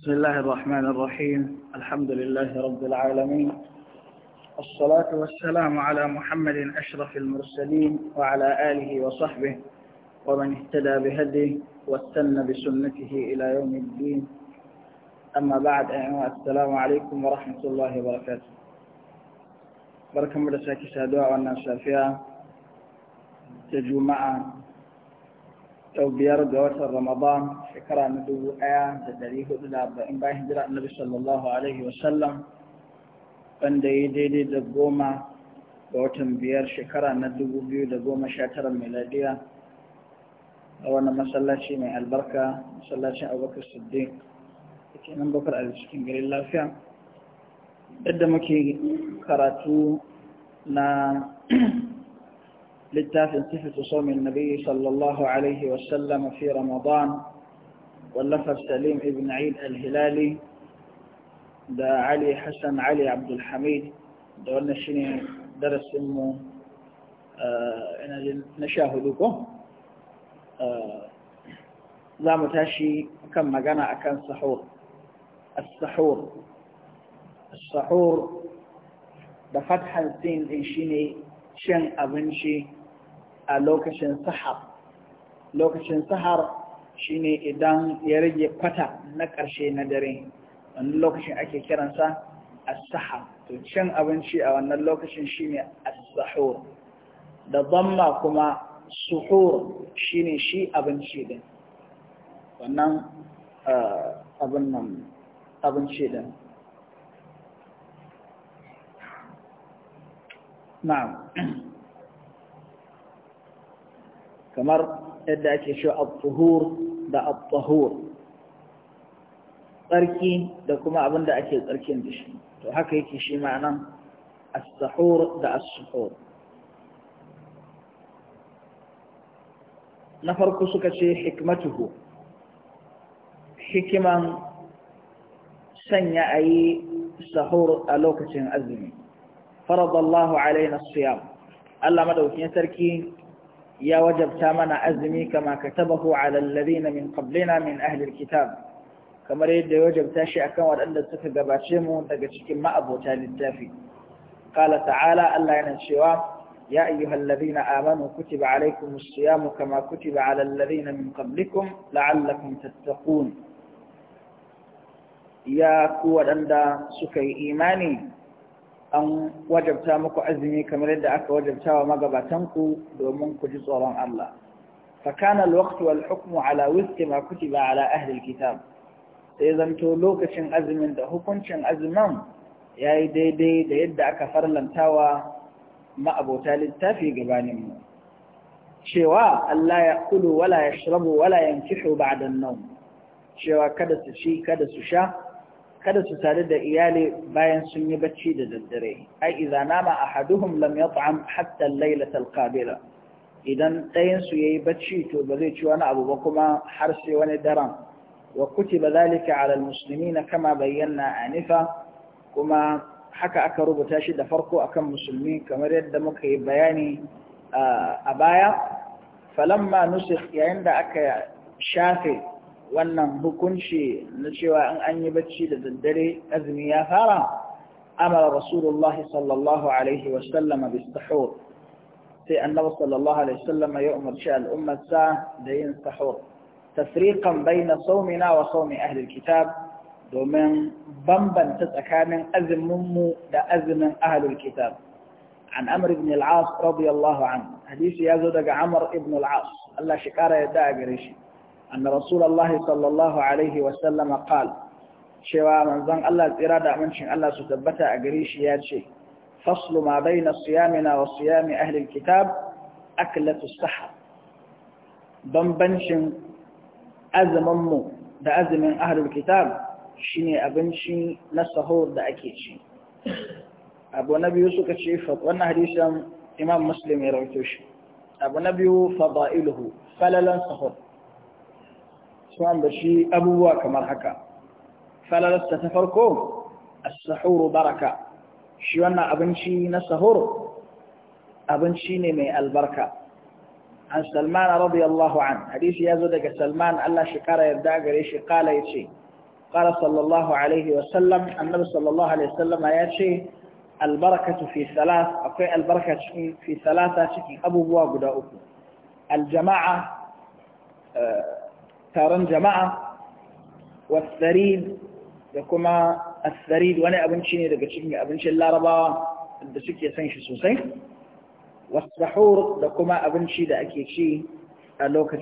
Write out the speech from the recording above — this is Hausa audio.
بسم الله الرحمن الرحيم الحمد لله رب العالمين الصلاة والسلام على محمد أشرف المرسلين وعلى آله وصحبه ومن اهتدى بهديه واتن بسنته إلى يوم الدين أما بعد السلام عليكم ورحمة الله وبركاته بركة مدرسة كسادوة والناس فيها تجمع sau biyar ga watan Ramadan shekara na dubu ɗaya da ɗari hudu da arba'in bayan hijira annabi sallallahu alaihi sallam. wanda ya daidai da goma ga watan biyar shekara na dubu biyu da goma sha tara miladiya a wani masallaci mai albarka masallacin abubakar siddiq da ke nan bakar a cikin garin lafiya yadda muke karatu na للتاف انتفة صوم النبي صلى الله عليه وسلم في رمضان واللفظ سليم ابن عيد الهلالي دا علي حسن علي عبد الحميد دا شنو درس امه آه، انا نشاهدوكو لا آه، متاشي كم مقانا كان سحور السحور السحور بفتح فتح الدين انشيني شن ابنشي a lokacin sahar lokacin sahar shine idan ya rage kwata na ƙarshe na dare wani lokacin ake kiransa as-sahar to cin abinci a wannan lokacin shine as-sahur da zamma kuma suhur shine shi abinci din wannan eh, abin nan abinci din na'am kamar yadda ake shi al da al tsarki da kuma abin da ake tsarkin da shi to haka yake shi ma'anan as-sahur da as-suhur na farko suka ce hikmatuhu hikiman sanya a yi sahur a lokacin azumi faradallahu Allah alaina siyam Allah madaukin sarki يا وجب تامنا أزمي كما كتبه على الذين من قبلنا من أهل الكتاب كما يريد وجب تاشي أكام وأن السفق باتشمه تقشك ما أبو تالي التافي قال تعالى ألا ينشيوا يا أيها الذين آمنوا كتب عليكم الصيام كما كتب على الذين من قبلكم لعلكم تتقون يا قوة أن سكي إيماني an wajabta muku azumi kamar yadda aka wajabta wa magabatan ku domin ku ji tsoron Allah Fakanal alwaqtu wal hukmu ala wifqi ma kutiba ala ahli alkitab sai zanto lokacin azumin da hukuncin azumin yayi daidai da yadda aka farlantawa ma'abota littafi gabanin mu cewa Allah ya kulu wala yashrabu wala yankihu ba'da an-nawm cewa kada su ci kada su sha kada su sadu da iyali bayan sun yi bacci da daddare ai idza nama ahaduhum lam yat'am hatta al-lailata idan ɗayan ya yayi bacci to ba zai ci wani abu ba kuma har sai wani daren wa kutiba zalika ala musulmi na kama bayyana anifa kuma haka aka rubuta shi da farko akan musulmi kamar yadda muka yi bayani a baya falamma nusikh yayin da aka shafe wannan hukunci na cewa in an yi bacci da daddare azumi ya fara amara rasulullah sallallahu alaihi wasallama bis sahur sai annabi sallallahu alaihi wasallama ya umarci al'ummarsa da yin sahur tafriqan baina saumina wa saumi ahli kitab domin bambanta tsakanin azumin mu da azumin ahlul kitab عن عمرو بن العاص رضي الله عنه حديث يزود عمر بن العاص الله شكاره يدعى قريشي أن رسول الله صلى الله عليه وسلم قال شوى من ظن الله إرادة من شن الله ستبتع قريش ياتشي فصل ما بين صيامنا وصيام أهل الكتاب أكلة السحر بمبنشن أزممو دا أزم أهل الكتاب شيني أبنشي نسهور دا أكيشي أبو نبي يوسف الشيف وانا حديثا إمام مسلم يرويتوش أبو نبي فضائله فللا سهور sun da shi abubuwa kamar haka falalasta ta farko as-sahuru baraka shi wannan abinci na sahur abinci ne mai albarka an salman radiyallahu an hadisi ya zo daga salman Allah shi kara yarda gare shi kala yace kara صلى الله عليه وسلم النبي صلى الله عليه وسلم ياتي البركة في ثلاث أقوى البركة في ثلاثة شكي أبو بوا قد أكو الجماعة taron jama'a wasarid da kuma asarid wani abinci ne daga cikin abincin larabawa da suke son shi sosai wasahur da kuma abinci da ake ci a lokacin